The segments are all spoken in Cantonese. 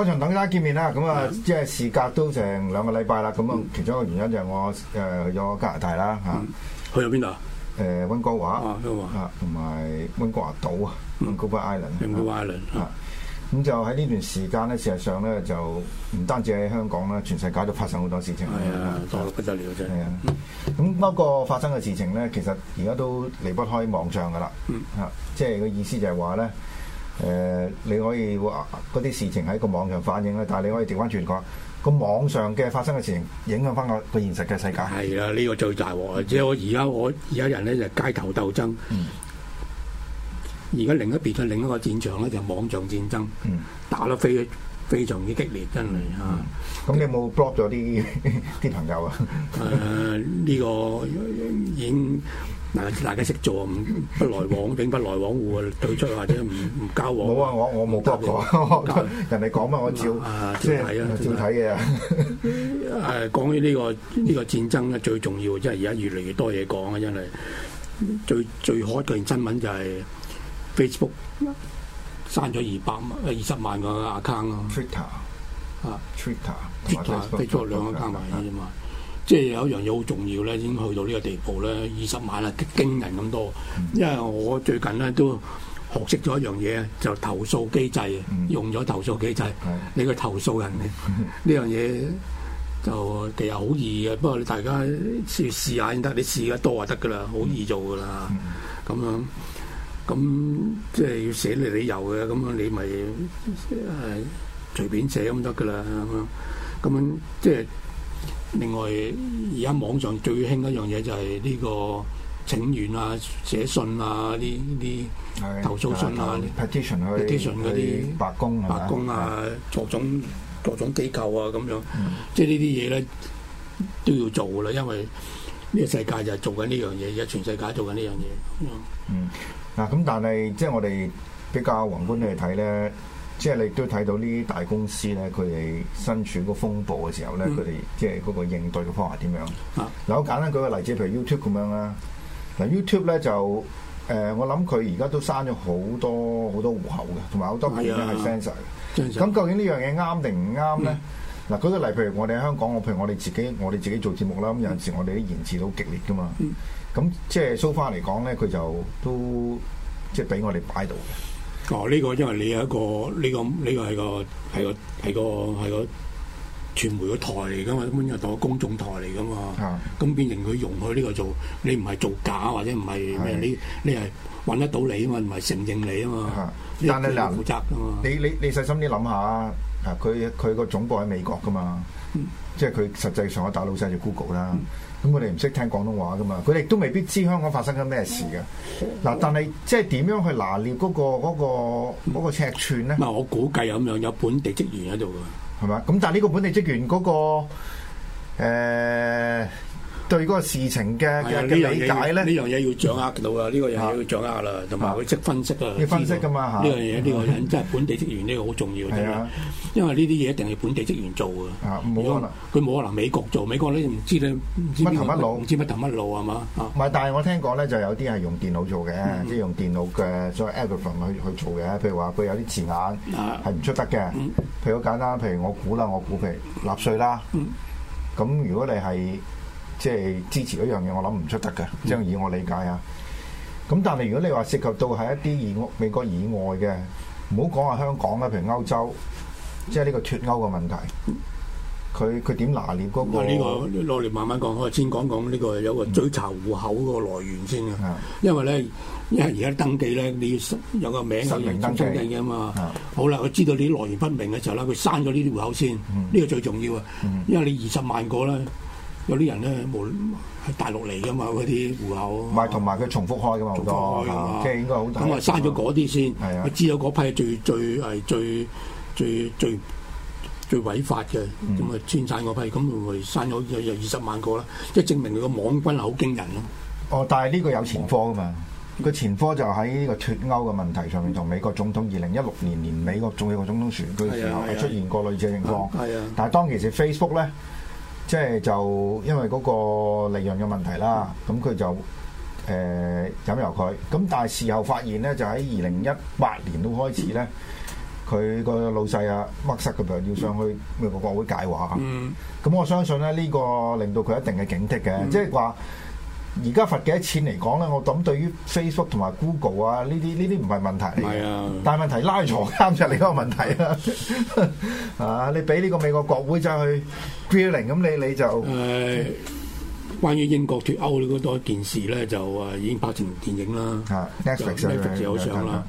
嗰場等大家見面啦，咁啊，即係事隔都成兩個禮拜啦。咁啊，其中一個原因就係我誒去咗加拿大啦嚇，去咗邊度？誒温哥華同埋温哥華島啊，温哥巴艾倫，温哥巴艾倫啊。咁就喺呢段時間咧，事實上咧就唔單止喺香港啦，全世界都發生好多事情。係啊，不得了啫。係啊，咁不過發生嘅事情咧，其實而家都離不開網上噶啦。嗯。即係個意思就係話咧。誒、呃，你可以話嗰啲事情喺個網上反映啦，但係你可以調翻轉講個網上嘅發生嘅事情，影響翻個個現實嘅世界。係啊，呢、這個最大鑊、嗯、即係我而家我而家人咧就街頭鬥爭。而家、嗯、另一邊嘅另一個戰場咧就是、網上戰爭。嗯、打得非常非常之激烈，真係啊！咁你有冇 block 咗啲啲朋友啊？誒、 呃，呢、這個已嗱，大家識做唔不來往，並不來往戶啊，退出或者唔唔交往。冇啊，我我冇多講，交我人哋講乜我照。啊，照睇啊，照睇嘅啊。係、啊啊啊、講起呢、呢個呢、呢個戰爭咧，最重要即係而家越嚟越多嘢講啊，真係最最可怕嘅新聞就係 Facebook 刪咗二百萬二十萬個 account 咯。Twitter 啊，Twitter，Twitter，Facebook 兩個加埋啲啫嘛。啊啊即係有一樣嘢好重要咧，已經去到呢個地步咧，二十萬啦，驚人咁多。因為我最近咧都學識咗一樣嘢，就投訴機制，用咗投訴機制。你個投訴人呢 樣嘢就其實好易嘅，不過你大家試試下先得，你試得多就得㗎啦，好易做㗎啦。咁樣咁即係要寫你理由嘅，咁樣你咪係、啊、隨便寫咁得㗎啦。咁樣咁即係。另外，而家網上最興一樣嘢就係呢個請願啊、寫信啊、呢啲投訴信啊、petition 的啊、啲、petition 啲白宮、白宮啊、的各種各種機構啊咁樣，的嗯、即係呢啲嘢咧都要做嘅啦，因為呢個世界就係做緊呢樣嘢，而家全世界做緊呢樣嘢。嗯，嗱咁，但係即係我哋比較宏觀啲去睇咧。即係你都睇到呢啲大公司咧，佢哋身處個風暴嘅時候咧，佢哋即係嗰個應對嘅方法點樣？嗱，我簡單舉個例子，譬如 YouTube 咁樣啦。嗱，YouTube 咧就誒，我諗佢而家都刪咗好多好多戶口嘅，同埋好多片咧係 fans 嘅。咁究竟呢樣嘢啱定唔啱咧？嗱，舉個例，譬如我哋喺香港，我譬如我哋自己，我哋自己做節目啦。咁有陣時我哋都言詞到激烈噶嘛。咁即係 show 翻嚟講咧，佢就都即係俾我哋擺到嘅。呢、哦，這個因為你有一個呢、這個呢、這個係個係個係個係個傳媒台，這個，個台嚟噶嘛，咁又當公眾台嚟噶嘛，咁變成佢容許呢個做你唔係做假或者唔係咩？你你係揾得到你啊嘛，唔係承認你啊嘛，的但係你又負責你你你，你細心啲諗下啊，佢佢個總部喺美國噶嘛，嗯、即係佢實際上嘅大佬就係 Google 啦。嗯咁我哋唔識聽廣東話噶嘛，佢哋都未必知香港發生緊咩事嘅。嗱，但係即係點樣去拿捏嗰個嗰個嗰個尺寸咧？咁啊，我估計咁樣有本地職員喺度㗎，係嘛？咁但係呢個本地職員嗰個，欸對嗰個事情嘅嘅理解咧，呢樣嘢要掌握到啊！呢個嘢要掌握啦，同埋佢識分析啊！要分析噶嘛嚇呢樣嘢，呢個人真係本地職員呢個好重要啊，因為呢啲嘢一定係本地職員做啊，冇可能佢冇可能美國做，美國你唔知，你唔知乜頭乜路，唔知乜頭乜路係嘛？唔係，但係我聽講咧，就有啲係用電腦做嘅，即係用電腦嘅，所謂 algorithm 去去做嘅。譬如話佢有啲字眼係唔出得嘅。譬如好簡單，譬如我估啦，我估譬如納稅啦，咁如果你係。即係支持嗰樣嘢，我諗唔出得嘅。即係以我理解啊。咁但係如果你話涉及到係一啲外美國以外嘅，唔好講話香港啦、啊，譬如歐洲，即係呢個脱歐嘅問題。佢佢點拿捏嗰、那個？啊、這個，呢個攞嚟慢慢講，我先講講呢、這個有個追查戶口個來源先啊。嗯、因為咧，因為而家登記咧，你要有個名係名登登記啊嘛。嗯、好啦，佢知道你來源不明嘅時候咧，佢刪咗呢啲戶口先。呢個最重要啊，嗯嗯、因為你二十萬個啦。有啲人咧，冇，喺大陸嚟噶嘛，嗰啲戶口，唔係同埋佢重複開噶嘛，好多，即係應該好大。咁啊刪咗嗰啲先，我知有嗰批最最係最最最違法嘅，咁啊穿晒嗰批，咁咪刪咗又二十萬個啦，即係證明佢個網軍係好驚人咯。哦，但係呢個有前科噶嘛？個前科就喺呢個脱歐嘅問題上面，同美國總統二零一六年年尾嗰仲有個總統選舉嘅時候係出現過類似嘅情況。係啊，但係當其時 Facebook 咧。即係就因為嗰個利潤嘅問題啦，咁佢就誒飲油佢，咁但係事後發現咧，就喺二零一八年都開始咧，佢個老細啊，屈膝咁樣要上去美國國會解話，咁我相信咧呢個令到佢一定嘅警惕嘅，即係話，而家罰幾多錢嚟講咧？我諗對於 Facebook 同埋 Google 啊，呢啲呢啲唔係問題嚟嘅。但、啊、問題拉鋤監察你嗰個問題啊！你俾呢個美國國會走去 grilling 咁你你就誒。關於英國脱歐嗰多件事咧，就啊已經拍成電影啦、啊。Netflix 就 Netflix 有上啦。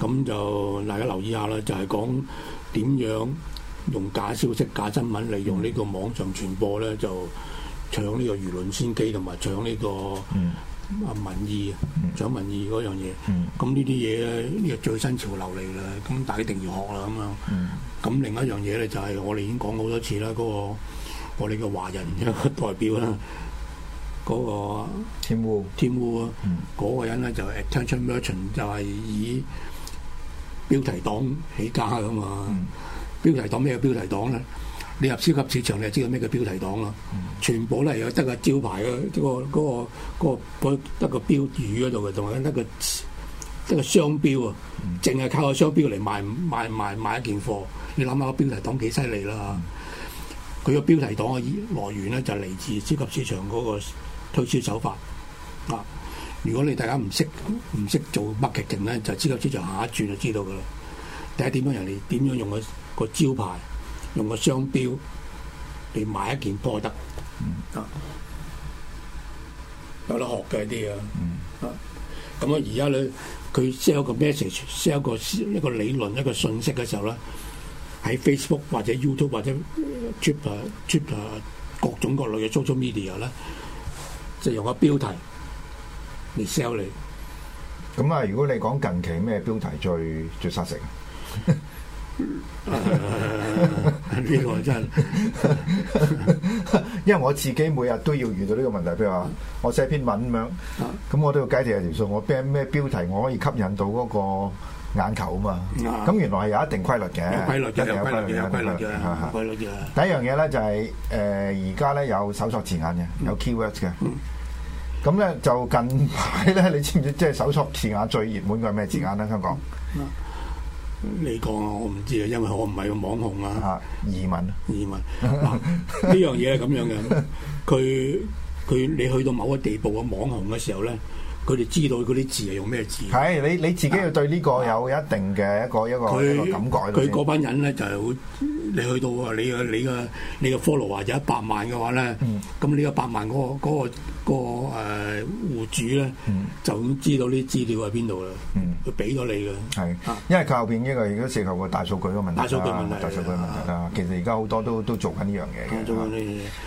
咁、啊、就大家留意下啦，就係、是、講點樣用假消息、假新聞嚟用呢個網上傳播咧，就。搶呢個輿論先機同埋搶呢個啊民意，嗯、搶民意嗰樣嘢。咁呢啲嘢咧，呢個最新潮流嚟啦。咁大家一定要學啦，咁樣。咁、嗯、另一樣嘢咧，就係、是、我哋已經講好多次啦，嗰、那個我哋嘅華人代表啦，嗰、那個天烏天烏，嗰烏、嗯、個人咧就是、Attention Merchant，t 就係以標題黨起家㗎嘛、嗯嗯標。標題黨咩叫標題黨咧？你入超級市場，你就知道咩叫標題黨咯。嗯、全部咧有得個招牌嘅，即、嗰個嗰得、嗰個嗰個標語嗰度嘅，同埋得個得個商標啊。淨係靠個商標嚟賣賣賣賣一件貨。你諗下個標題黨幾犀利啦！佢個、嗯、標題黨嘅來源咧就嚟、是、自超級市場嗰個推銷手法啊。如果你大家唔識唔識做 marketing 咧，就超級市場下一轉就知道噶啦。第一點樣人哋點樣用、嗰個、嗰個招牌？用個商標你賣一件波得，嗯、啊有得學嘅一啲啊，嗯、啊咁啊而家咧佢 sell 個 message，sell 個一個理論一個信息嘅時候咧，喺 Facebook 或者 YouTube 或者 trip 啊 trip 啊各種各類嘅 social media 咧，就用個標題嚟 sell 你。咁啊，如果你講近期咩標題最最殺食？ 呢個真， 因為我自己每日都要遇到呢個問題，譬如話我寫篇文咁樣，咁、啊、我都要計條數，我編咩標題我可以吸引到嗰個眼球啊嘛。咁原來係有一定規律嘅，有規律嘅，一定有規律嘅，規、啊、律嘅。第一樣嘢咧就係、是、誒，而家咧有搜索字眼嘅，有 keywords 嘅。咁咧、嗯、就近排咧，你知唔知即係搜索字眼最熱門嘅係咩字眼咧？香港？嗯你講啊，我唔知啊，因為我唔係個網紅啊。移民、啊，移民，呢、啊、 樣嘢係咁樣嘅。佢佢你去到某一個地步嘅網紅嘅時候咧，佢哋知道嗰啲字係用咩字。係你你自己要對呢個有一定嘅一個、啊、一個他一個感覺。佢嗰班人咧就係、是、好。你去到啊，你個你個你個 follow 啊，有一百萬嘅話咧，咁呢一百萬嗰個嗰個戶主咧，就咁知道啲資料喺邊度啦，佢俾咗你嘅。係，因為靠邊，因為而家四球個大數據嘅問題，大數據問題，大數據問題啦。其實而家好多都都做緊呢樣嘢，做緊呢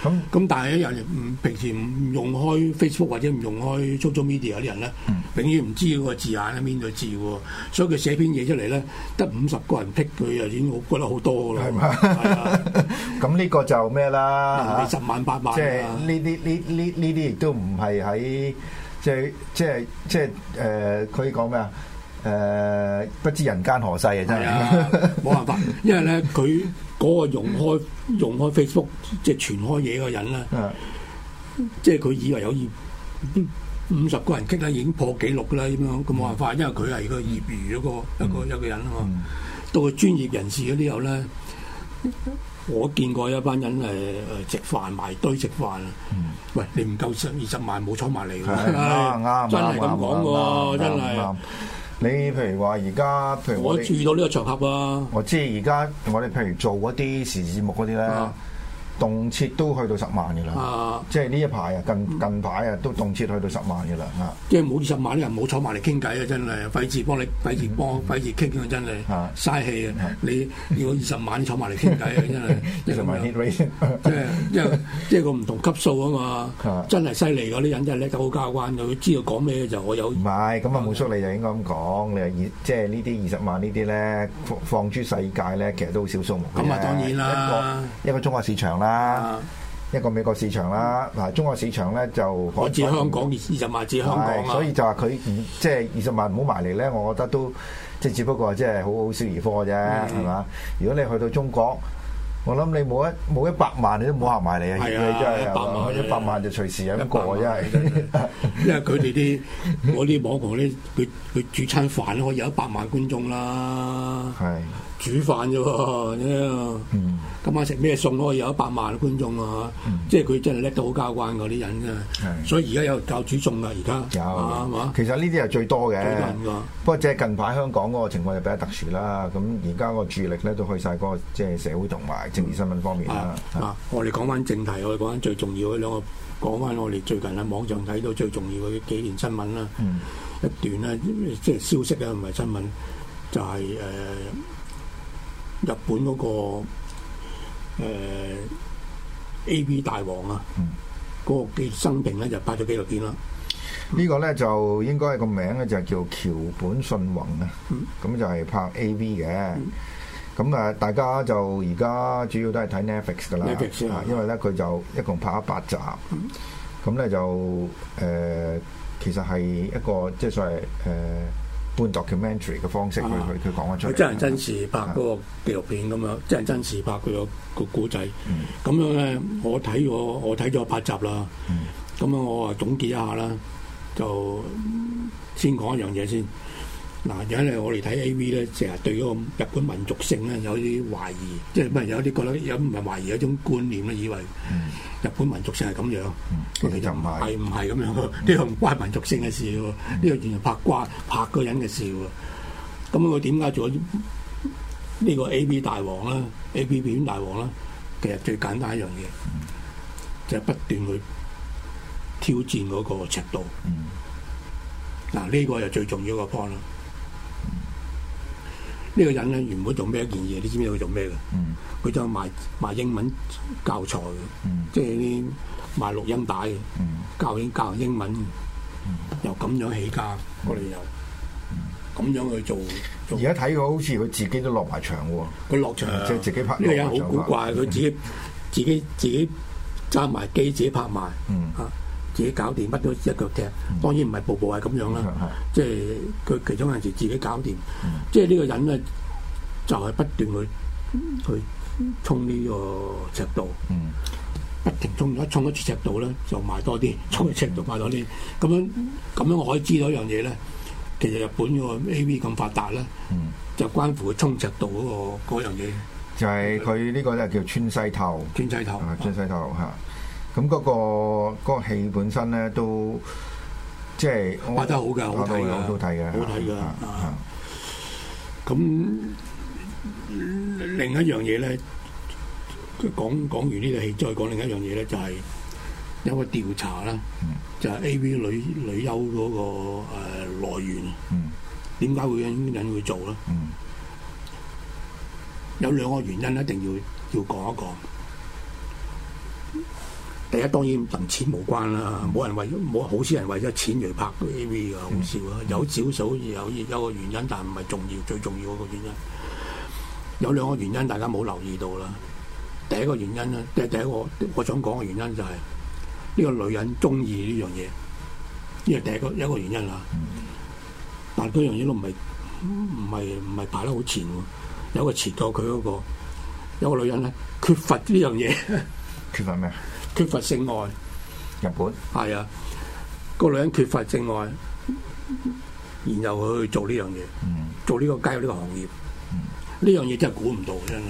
樣嘢。咁咁，但係啲人平時唔用開 Facebook 或者唔用開 social media 嗰啲人咧，永遠唔知個字眼喺邊度字，所以佢寫篇嘢出嚟咧，得五十個人 pick 佢，已經我覺得好多啦。係。咁呢個就咩啦吓？十萬八萬，即係呢啲呢呢呢啲亦都唔係喺即係即係即係誒，佢講咩啊？誒、呃，不知人間何世 啊！真係冇辦法，因為咧，佢嗰個用開用開 Facebook 即係傳開嘢嘅人咧，即係佢以為有五十個人傾下已經破紀錄啦咁樣。佢冇辦法，因為佢係個業餘個一個、嗯、一個人咯。到專業人士嗰啲又咧。我見過一班人，誒誒，食飯埋堆食飯啊，喂，你唔夠十二十萬冇坐埋嚟，啱啱真係咁講喎，真係。Yeah, yeah, 你譬如話而家，譬如我注意到呢個場合啊，我知而家我哋譬如做一啲時事節目嗰啲咧。done. 動輒都去到十萬嘅啦，即係呢一排啊，近近排啊，都動輒去到十萬嘅啦，即係冇二十萬啲人冇坐埋嚟傾偈啊，真係費事幫你費事幫費事傾啊，真係嘥氣啊！你要二十萬啲坐埋嚟傾偈啊，真係即係即係即係個唔同級數啊嘛，真係犀利㗎！啲人真係叻到好交關㗎，佢知道講咩就我有。唔係，咁啊，冇叔你就應該咁講，你話即係呢啲二十萬呢啲咧放放諸世界咧，其實都好少數目。咁啊，當然啦，一個中華市場啦。啊！一,一個美國市場啦，嗱，中國市場咧就我知香港二十萬，指香港所以就話佢即係二十萬唔好埋嚟咧，我覺得都即係只不過即係好好小兒科啫，係嘛是的？如果你去到中國，我諗你冇一冇一百萬你都唔好行埋嚟啊！係啊的，一百的萬一百萬就隨時飲過真係， 因為佢哋啲我啲網紅咧，佢佢煮餐飯咧可以有一百萬觀眾啦，係。煮飯啫喎，咁、嗯、今晚食咩餸咯？有一百萬觀眾啊，嗯、即係佢真係叻到好交關嗰啲人啊，所以而家有教煮餸啊，而家，有其實呢啲係最多嘅，不過即係近排香港嗰個情況就比較特殊啦。咁而家個注意力咧都去晒嗰個即係社會同埋政治新聞方面啊，我哋講翻正題，我哋講翻最重要嗰兩個，講翻我哋最近喺網上睇到最重要嗰幾件新聞啦。嗯、一段咧，即係消息啊，唔係新聞，就係、是、誒。呃日本嗰、那個、呃、A. V. 大王啊，嗰、嗯、個嘅生平咧就拍咗幾個片啦？個呢個咧就應該係個名咧就係叫橋本信宏啊，咁、嗯、就係拍 A. V. 嘅。咁啊、嗯，大家就而家主要都係睇 Net Netflix 噶啦，Netflix 啊，因為咧佢的就一共拍咗八集，咁咧、嗯、就誒、呃，其實係一個即係、就是、所謂誒。呃搬 documentary 嘅方式去去去講嘅出嚟，真係真實拍嗰個紀錄片咁樣，啊、真係真實拍佢個個故仔。咁、嗯、樣咧，我睇我我睇咗八集啦。咁、嗯、樣我話總結一下啦，就先講一樣嘢先。嗱，有啲咧我哋睇 A.V 咧，成日對嗰個日本民族性咧有啲懷疑，即係唔係有啲覺得有唔係懷疑有一種觀念咧，以為日本民族性係咁樣，其實就唔係，係唔係咁樣？呢個唔關民族性嘅事喎，呢個完全拍瓜拍個人嘅事喎。咁我點解做呢個 A.V 大王啦、啊、A.P.P 大王啦？其實最簡單一樣嘢，嗯、就係不斷去挑戰嗰個尺度。嗱，呢個又最重要一個 point 啦。呢個人咧原本做咩一件嘢？你知唔知佢做咩嘅？嗯，佢就賣賣英文教材嘅，即係啲賣錄音帶嘅，教英教英文又由咁樣起家，我哋又咁樣去做。而家睇佢好似佢自己都落埋場喎，佢落場。就係自己拍。呢個人好古怪，佢自己自己自己揸埋機自己拍賣。嗯啊。自己搞掂，乜都一腳踢。當然唔係步步係咁樣啦，嗯、即係佢其中有陣時自己搞掂。嗯、即係呢個人咧，就係不斷去去衝呢個尺度，嗯、不停衝。一衝一次尺度咧，就賣多啲。衝一次尺度賣多啲，咁、嗯、樣咁樣我可以知道一樣嘢咧。其實日本個 A.V. 咁發達咧，嗯、就關乎佢衝尺度嗰、嗰個樣嘢，就係佢呢個咧叫村西頭，村西頭，村西頭嚇。嗯嗯嗯咁嗰、那個嗰、那個、戲本身咧，都即係拍得好㗎，好睇好睇嘅，好睇㗎。咁另一樣嘢咧，講講完呢個戲，再講另一樣嘢咧，就係、是、有個調查啦，嗯、就係 A. V. 女女優嗰個誒來源，點解、嗯、會有人會做咧？嗯、有兩個原因，一定要要講一講。第一當然同錢無關啦，冇、嗯、人為冇好少人為咗錢嚟拍 A V 啊，好笑啊、嗯！有少數有有個原因，但唔係重要，最重要嗰個原因有兩個原因，大家冇留意到啦。第一個原因咧，即係第一個我想講嘅原因就係、是、呢、呢個女人中意呢樣嘢，呢個第一個一個原因啦。嗯、但嗰樣嘢都唔係唔係唔係排得好前喎，有個遲到佢嗰個有個女人咧缺乏呢樣嘢，缺乏咩？缺乏性愛，日本係啊，個女人缺乏性愛，然後去做呢樣嘢，嗯、做呢、呢個加入呢個行業，呢樣嘢真係估唔到，真係。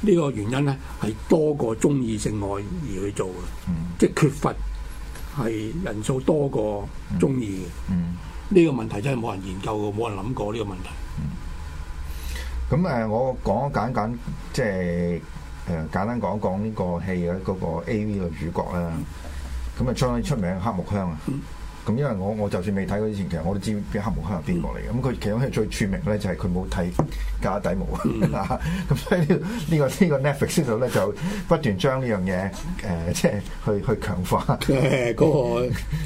呢、嗯、個原因咧係多過中意性愛而去做嘅，嗯、即係缺乏係人數多過中意嘅。呢、嗯嗯、個問題真係冇人研究過，冇人諗過呢個問題。咁誒、嗯，我講簡簡即係。就是就是誒簡單講一講呢個戲嘅嗰、嗰個 A.V. 嘅主角啦，咁啊出出名黑木香啊，咁、嗯、因為我我就算未睇嗰啲前劇，其實我都知道黑木香係邊個嚟嘅。咁佢、嗯、其中最著名咧就係佢冇剃「家底毛咁、嗯、 所以呢、呢個呢、呢個、呢個、Netflix 度咧就不斷將呢樣嘢誒即係去去強化。嗰、呃嗰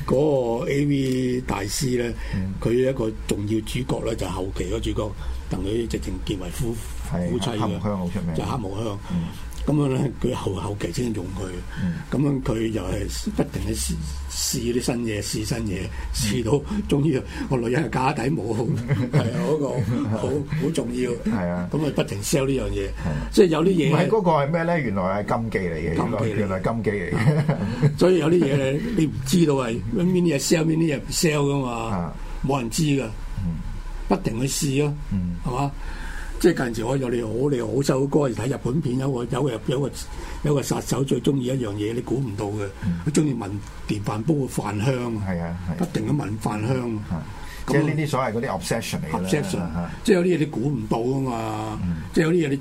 個、嗰個、A.V. 大師咧，佢、嗯、一個重要主角咧就係、後期嗰個主角，同佢直情結為夫夫妻嘅。黑木香好出名，就黑木香。嗯咁樣咧，佢後後期先用佢。咁樣佢又係不停去試啲新嘢，試新嘢，試到終於，我女人假底冇，係啊嗰個好好重要。係啊，咁啊不停 sell 呢樣嘢，即係有啲嘢。唔係嗰個係咩咧？原來係禁忌嚟嘅，原來原來禁忌嚟嘅。所以有啲嘢你唔知道係邊啲嘢 sell，邊啲嘢唔 sell 噶嘛，冇人知噶。不停去試咯，係嘛？即係近陣時我有你我你好首歌，而睇日本片有個有個有個有個殺手最中意一樣嘢，你估唔到嘅。佢中意聞電飯煲嘅飯香，係啊，不斷咁聞飯香。啊嗯、即係呢啲所謂嗰啲 obs obsession 嚟嘅啦。即係有啲嘢你估唔到啊嘛。即係、嗯、有啲嘢你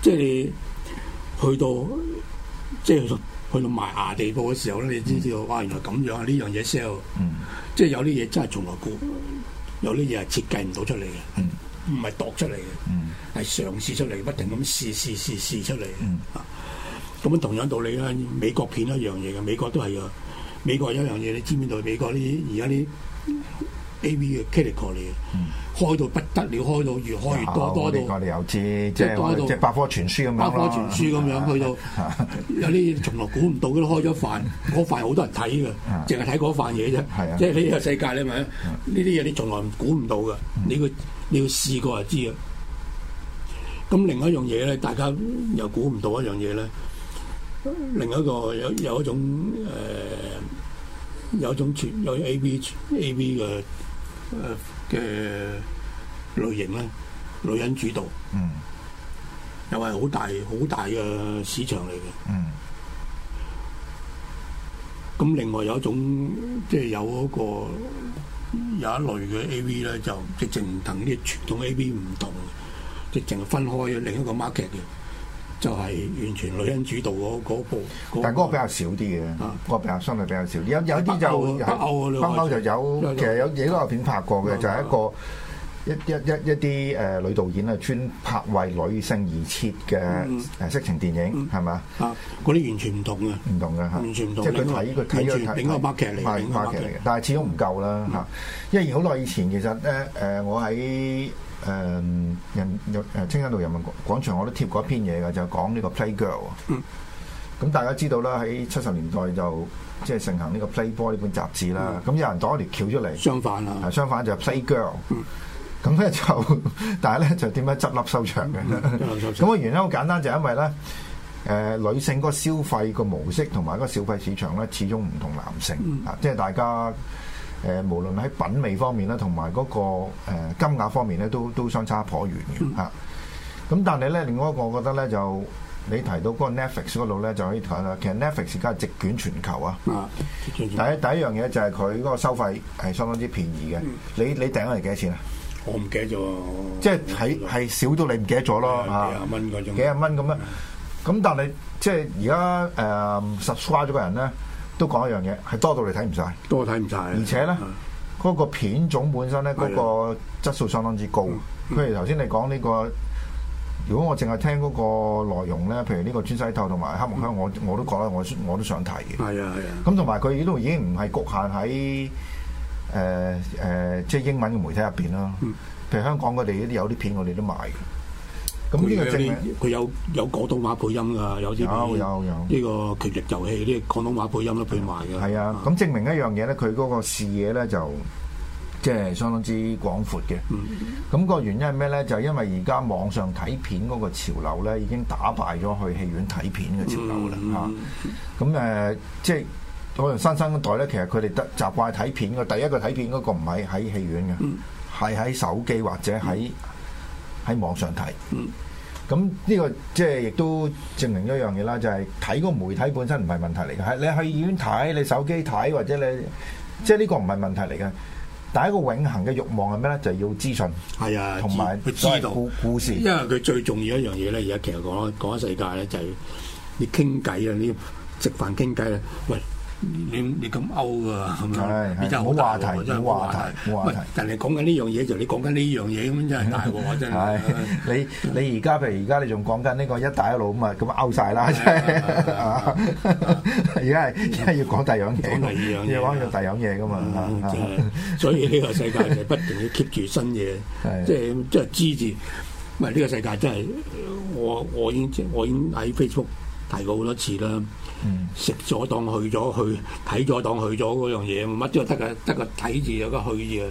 即係、即係、去到即係、即係、去到埋牙地步嘅時候咧，你先知道、嗯、哇！原來咁樣啊，呢樣嘢 sell、嗯。即係有啲嘢真係從來估，有啲嘢係設計唔到出嚟嘅。嗯唔係度出嚟嘅，係嘗試出嚟，不停咁試試試試出嚟嘅。咁樣同樣道理啦。美國片一樣嘢嘅，美國都係啊。美國有一樣嘢，你知唔知到美國啲而家啲 AV 嘅 category 嚟嘅，開到不得了，開到越開越多，多到美國你又知，即係即係百科全書咁樣，百科全書咁樣去到有啲從來估唔到，都開咗塊嗰塊好多人睇嘅，淨係睇嗰塊嘢啫。即係呢個世界你咪呢啲嘢你從來估唔到嘅，你個。你要試過就知啊！咁另一樣嘢咧，大家又估唔到一樣嘢咧。另一個有有一種誒，有一種全、呃、有，有 AV AV 嘅誒嘅、呃、類型咧，女人主導，嗯，又係好大好大嘅市場嚟嘅，嗯。咁另外有一種即係有一個。有一類嘅 A V 咧，就直程等啲傳統 A V 唔同，直程分開另一個 market 嘅，就係完全女人主導嗰部。但係嗰個比較少啲嘅，嗰個比較相對比較少。有有啲就北歐北歐就有，其實有有幾部片拍過嘅，就係一個。一一一一啲誒女導演啊，專拍為女性而設嘅誒色情電影，係咪？啊，嗰啲完全唔同嘅，唔同嘅嚇，完全唔同。即係佢睇，佢睇咗睇，拍劇嚟，拍劇嚟嘅。但係始終唔夠啦嚇。因為好耐以前其實咧誒，我喺誒人誒青山道人民廣場，我都貼過一篇嘢嘅，就講呢個 Play Girl。嗯。咁大家知道啦，喺七十年代就即係盛行呢個 Playboy 呢本雜誌啦。咁有人度一條橋出嚟，相反啦。係相反就 Play Girl。咁咧就， 但係咧就點樣執笠收場嘅？咁個 原因好簡單，就係、因為咧，誒、呃、女性嗰個消費個模式同埋嗰個消費市場咧，始終唔同男性、嗯、啊，即係大家誒、呃、無論喺品味方面啦，同埋嗰個金額方面咧，都都相差頗遠嘅嚇。咁、啊、但係咧，另外一個我覺得咧，就你提到嗰個 Netflix 嗰度咧，就可以睇啦。其實 Netflix 而家係席捲全球啊、嗯！第一第一樣嘢就係佢嗰個收費係相當之便宜嘅、嗯。你你訂咗嚟幾多錢啊？我唔記得咗，即係係係少到你唔記得咗咯嚇，幾廿蚊嗰種，幾廿蚊咁樣。咁但係即係而家誒實刷咗個人咧，都講一樣嘢，係多到你睇唔晒，多睇唔晒。而且咧，嗰個片種本身咧，嗰個質素相當之高。譬如頭先你講呢個，如果我淨係聽嗰個內容咧，譬如呢個村西透同埋黑木香，我我都講，我我都想睇嘅。係啊係啊。咁同埋佢都已經唔係局限喺。誒誒、呃呃，即係英文嘅媒體入邊咯。嗯、譬如香港佢哋嗰啲有啲片我哋都賣嘅。咁呢、嗯、個證明佢有有廣東話配音㗎，有啲有有有呢個《權力遊戲》啲廣東話配音都配埋嘅。係、嗯、啊，咁、嗯、證明一樣嘢咧，佢嗰個視野咧就即係、就係、相當之廣闊嘅。咁、嗯、個原因係咩咧？就係因為而家網上睇片嗰個潮流咧，已經打敗咗去戲院睇片嘅潮流啦。嗯，咁誒即係。嗯嗯嗯可能新生代咧，其實佢哋得習慣睇片嘅。第一個睇片嗰個唔係喺戲院嘅，係喺、嗯、手機或者喺喺、嗯、網上睇。咁呢、嗯、個即係亦都證明一樣嘢啦，就係、是、睇個媒體本身唔係問題嚟嘅。係你去戲院睇，你手機睇，或者你即係呢個唔係問題嚟嘅。但係一個永恆嘅欲望係咩咧？就係、是、要資訊，係啊，同埋去知道故事。因為佢最重要一樣嘢咧，而家其實講講世界咧，就係你傾偈啊，你食飯傾偈啊，喂。你你咁勾噶，咁樣你就係好話題，真係話題。喂，但你講緊呢樣嘢，就你講緊呢樣嘢咁，真係大鑊，真係你你而家譬如，而家你仲講緊呢個一帶一路咁啊，咁啊勾晒啦！而家係而家要講第二樣嘢，講第二樣嘢，玩第二樣嘢噶嘛？所以呢個世界就不停要 keep 住新嘢，即係即係支持。唔係呢個世界真係我我已經係我已經喺 Facebook。提過好多次啦，食咗當去咗去，睇咗當去咗嗰樣嘢，乜都得嘅，得個睇字有個去字，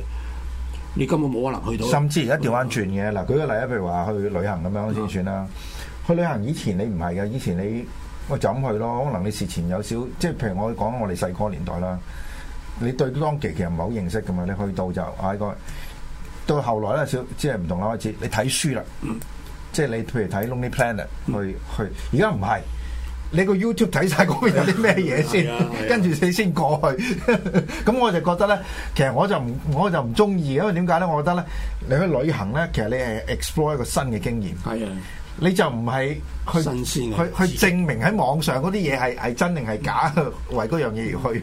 你根本冇可能去到。甚至而家掉翻轉嘅，嗱舉個例啊，譬如話去旅行咁樣先算啦。嗯、去旅行以前你唔係嘅，以前你我就咁去咯，可能你事前有少，即係譬如我講我哋細個年代啦，你對當其其實唔係好認識嘅嘛，你去到就嗌個、哎。到後來咧少，即係唔同啦，開始你睇書啦，嗯、即係你譬如睇 Lonely Planet 去去，而家唔係。你個 YouTube 睇晒嗰邊有啲咩嘢先， 跟住你先過去。咁 我就覺得咧，其實我就唔我就唔中意，因為點解咧？我覺得咧，你去旅行咧，其實你係 explore 一個新嘅經驗。係啊的，你就唔係去新鮮去新鮮去，去證明喺網上嗰啲嘢係係真定係假，為嗰樣嘢而去。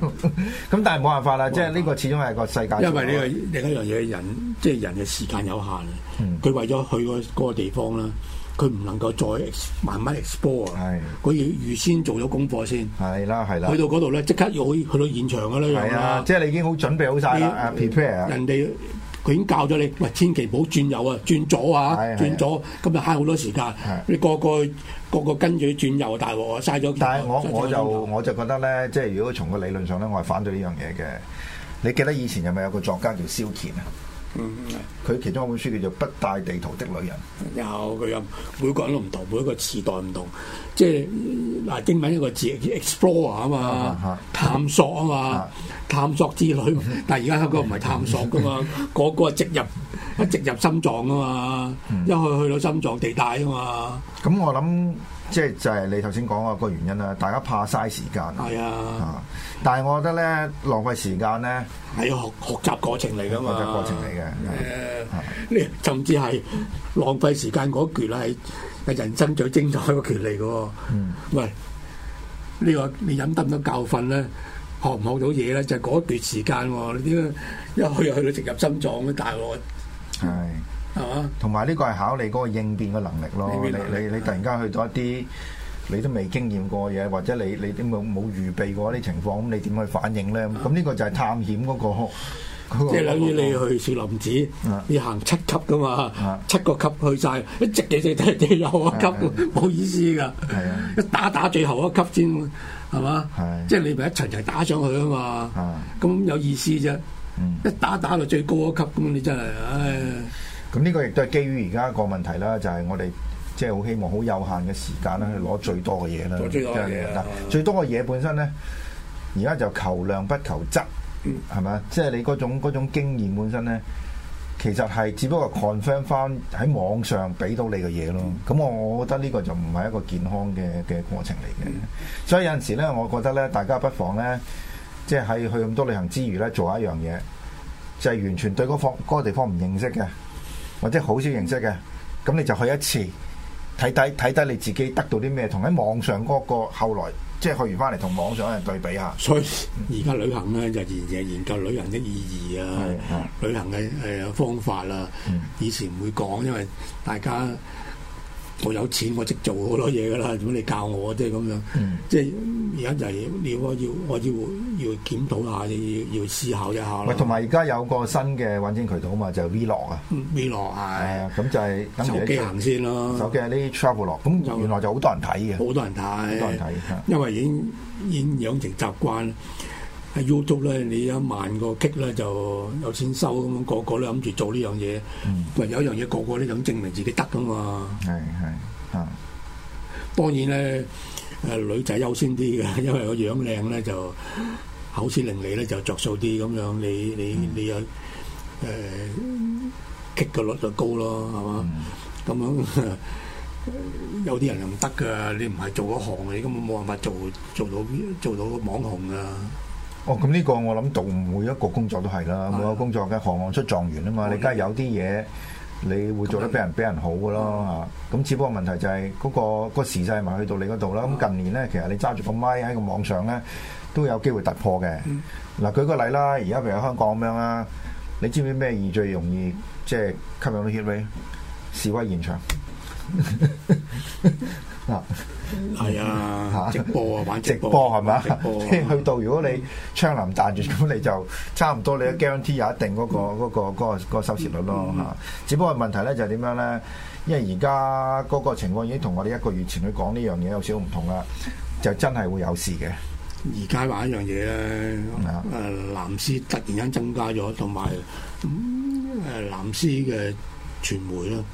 咁但係冇辦法啦，即係呢個始終係個世界因、呢個。因為你又另一樣嘢，即係、人即係人嘅時間有限，佢、嗯、為咗去個嗰個地方啦。佢唔能夠再慢慢 explore 啊的！佢要預先做咗功課先。係啦，係啦。去到嗰度咧，即刻要去到現場噶啦。係啊，即係你已經好準備好晒啦。你啊、prepare 人哋佢已經教咗你，喂，千祈唔好轉右啊，轉左啊，的轉左，今日慳好多時間。的你個個個個跟住轉右，大鑊啊，嘥咗。但係我我就我就覺得咧，即係如果從個理論上咧，我係反對呢樣嘢嘅。你記得以前有咪有個作家叫蕭乾啊？嗯，佢其中一本書叫做《不帶地圖的女人》有，有佢有每個人都唔同，每一個時代唔同，即係嗱，英文一個字，explore 啊嘛，探索啊嘛，探索之旅。但係而家香港唔係探索㗎嘛， 個個直入一直入心臟㗎嘛， 一去去到心臟地帶啊嘛。咁、嗯嗯、我諗。即係就係你頭先講個個原因啦，大家怕嘥時間。係啊，但係我覺得咧，浪費時間咧，係學學習過程嚟噶嘛。學習過程嚟嘅，誒，啊啊、甚至係浪費時間嗰橛係係人生最精彩嘅橛利。嘅、嗯。喂，你你得得教訓呢個你飲得唔到教訓咧，學唔學到嘢咧，就嗰、是、段時間、啊。你點解一去又去到植入心臟嘅但係我。係。同埋呢個係考你嗰個應變嘅能力咯。你你你突然間去到一啲你都未經驗過嘢，或者你你都冇冇預備過啲情況，咁你點去反應咧？咁呢個就係探險嗰個。即係等於你去少林寺，要行七級噶嘛，七個級去晒，一直積積積落，一級冇意思㗎。一打打最後一級先，係嘛？即係你咪一層層打上去啊嘛。咁有意思啫！一打打到最高一級咁，你真係唉～咁呢個亦都係基於而家個問題啦，就係、是、我哋即係好希望好有限嘅時間啦，去攞最多嘅嘢啦。最多嘅嘢，本身呢，而家就求量不求質，係咪？即係你嗰種嗰種經驗本身呢，其實係只不過 confirm 翻喺網上俾到你嘅嘢咯。咁我、嗯、我覺得呢個就唔係一個健康嘅嘅過程嚟嘅。嗯、所以有陣時呢，我覺得呢，大家不妨呢，即係喺去咁多旅行之餘呢，做一樣嘢，就係、是、完全對方嗰個地方唔、那個、認識嘅。或者好少形式嘅，咁你就去一次，睇睇睇睇你自己得到啲咩？同喺網上嗰、嗰個後來，即係去完翻嚟同網上人對比一下。所以而家旅行咧就研研研究旅行嘅意義啊，是啊旅行嘅誒方法啦、啊。嗯、以前唔會講，因為大家。我有錢，我即做好多嘢噶啦。如果你教我即係咁樣，即係而家就係你我要我要要檢討下，要要思考一下啦。唔同埋而家有，有個新嘅揾錢渠道啊嘛，就係、Vlog 啊。Vlog 係係啊，咁就係手機行先咯。手機啲 Travel log、er, 咁，原來就好多人睇嘅。好多人睇。好多人睇。因為已經已經養成習慣。喺 YouTube 咧，你一萬個 click 咧就有錢收咁、嗯。個個都諗住做呢樣嘢，因為有一樣嘢個個都想證明自己得噶嘛。係係啊。嗯、當然咧，誒、呃、女仔優先啲嘅，因為個樣靚咧就口齒伶俐咧就着數啲咁樣。你你你又誒 click 嘅率就高咯，係嘛？咁、嗯、這樣 有啲人又唔得噶。你唔係做嗰行，你根本冇辦法做做到做到，做到網紅啊！哦，咁呢個我諗讀每一個工作都係啦，每個工作嘅行行出狀元啊嘛，你梗係有啲嘢，你會做得畀人畀人好㗎咯吓。咁只不過問題就係嗰個個時勢咪去到你嗰度啦。咁近年咧，其實你揸住個咪喺個網上咧，都有機會突破嘅。嗱，舉個例啦，而家譬如香港咁樣啊，你知唔知咩嘢最容易即係吸引到 hit rate？示威現場。啊，係啊，直播啊，玩直播係咪？即係去到如果你窗臨彈住，咁你就差唔多你一 guarantee 有一定嗰個嗰個收視率咯嚇。只不過問題咧就係點樣咧？因為而家嗰個情況已經同我哋一個月前去講呢樣嘢有少少唔同啦，就真係會有事嘅。而家話一樣嘢咧，誒藍絲突然間增加咗，同埋誒藍絲嘅傳媒咯。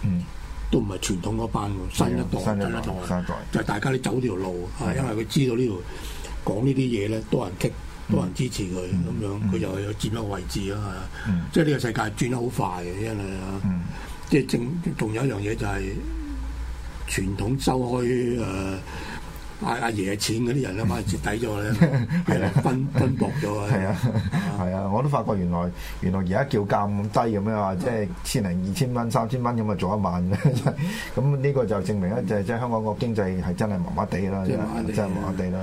都唔係傳統嗰班喎，新一代、就係，新一代，就係、係、大家都走條路，係的因為佢知道條呢條講呢啲嘢咧，多人激，多人支持佢咁、嗯、樣，佢、嗯、就有佔一個位置咯嚇。嗯、即係呢個世界轉得好快，嘅，因為、嗯、即係政，仲有一樣嘢就係、係、傳統收開誒。呃阿阿爺嘅錢嗰啲人咧，咪蝕底咗咧，係啦，分分薄咗。係啊，係啊，我都發覺原來原來而家叫價咁低咁樣啊，即係千零二千蚊、三千蚊咁啊，做一萬咁呢個就證明咧，就即係香港個經濟係真係麻麻地啦，真係麻麻地啦。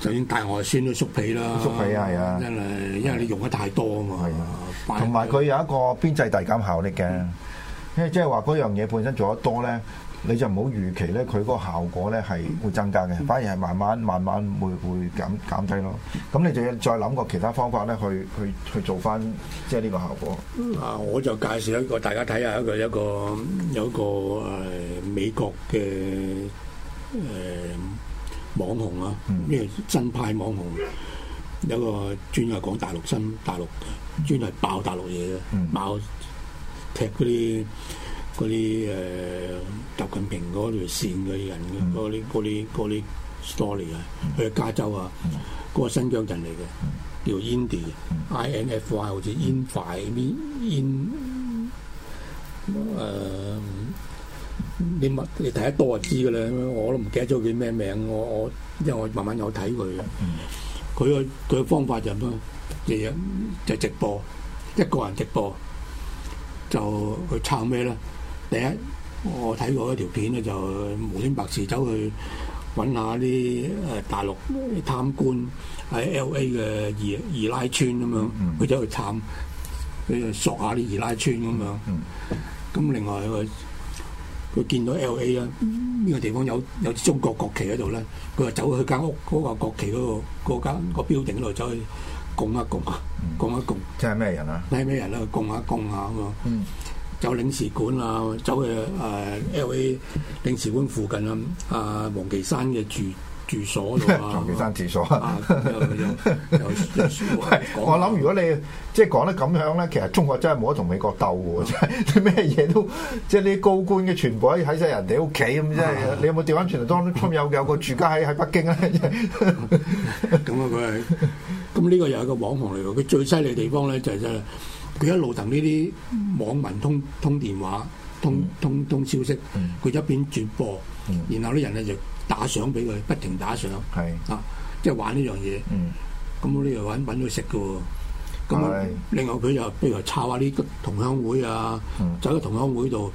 就算大外孫都縮皮啦，縮皮係啊，因為你用得太多啊嘛。同埋佢有一個邊際遞減效力嘅，即係話嗰樣嘢本身做得多咧。你就唔好預期咧，佢嗰個效果咧係會增加嘅，嗯、反而係慢慢慢慢會會減減低咯。咁你就要再諗個其他方法咧，去去去做翻即係呢個效果。嗱、嗯，我就介紹一個大家睇下一個一個有一個、呃、美國嘅誒、呃、網紅啊，咩真派網紅，有、嗯、一個專係講大陸新大陸，專係爆大陸嘢嘅，嗯、爆踢嗰啲。嗰啲誒習近平嗰條線嘅人嘅嗰啲嗰啲嗰啲 story 啊，去加州啊，嗰、嗰個新疆人嚟嘅，叫 Indy，I N F Y 好似 In Five In 誒、呃？你乜你睇得多就知㗎啦。我都唔記得咗佢咩名。我我因為我慢慢有睇佢嘅，佢嘅佢嘅方法就係咩，日日就係、直播，一個人直播就去炒咩咧？第一，我睇過一條片咧，就無端端白事走去揾下啲誒大陸貪官喺 LA 嘅二二拉村咁樣，佢走去探，佢就索下啲二拉村咁樣。咁另外佢佢見到 LA 咧，呢個地方有有啲中國國旗喺度咧，佢就走去間屋嗰個國旗嗰個嗰間個標頂嗰度走去供一供啊，供一供。即係咩人啊？拉咩人啦？供下供下咁啊！走領事館啊，走去誒 LA 領事館附近啊，阿黃岐山嘅住住所度啊，黃岐山住所我諗，如果你即係講得咁樣咧，其實中國真係冇得同美國鬥喎，真係咩嘢都，即係啲高官嘅全部喺晒人哋屋企咁啫。你有冇掉返轉當中有有個住家喺喺北京啊？咁啊，佢係咁呢個又係個網紅嚟喎。佢最犀利嘅地方咧就係真係。佢一路同呢啲網民通通電話，通通通消息，佢、嗯、一邊轉播，嗯、然後啲人咧就打賞俾佢，不停打賞，係、嗯、啊，即係玩呢樣嘢。咁呢度揾揾到食嘅，咁另外佢又譬如話抄下啲同鄉會啊，就喺、嗯、同鄉會度。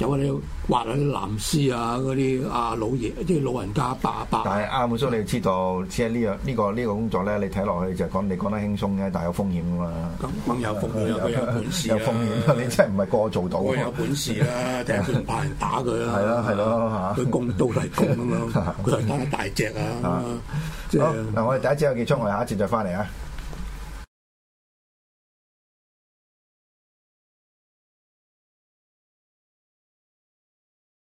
有啲挖下啲藍絲啊，嗰啲啊，老爺，啲老人家伯伯。但係阿木叔，的你要知道，即係呢樣呢個呢、呢個工作咧，你睇落去就講你講得輕鬆嘅，但係有風險噶嘛。咁有風險 有，有，有本事、啊、有風險 你真係唔係個個做到。我 有本事啦，定係佢派人打佢。啊。係咯係咯嚇，佢攻都係攻啊嘛，佢係打大隻啊。即係、 好嗱，我哋第一節就結束，我哋下一節再翻嚟啊。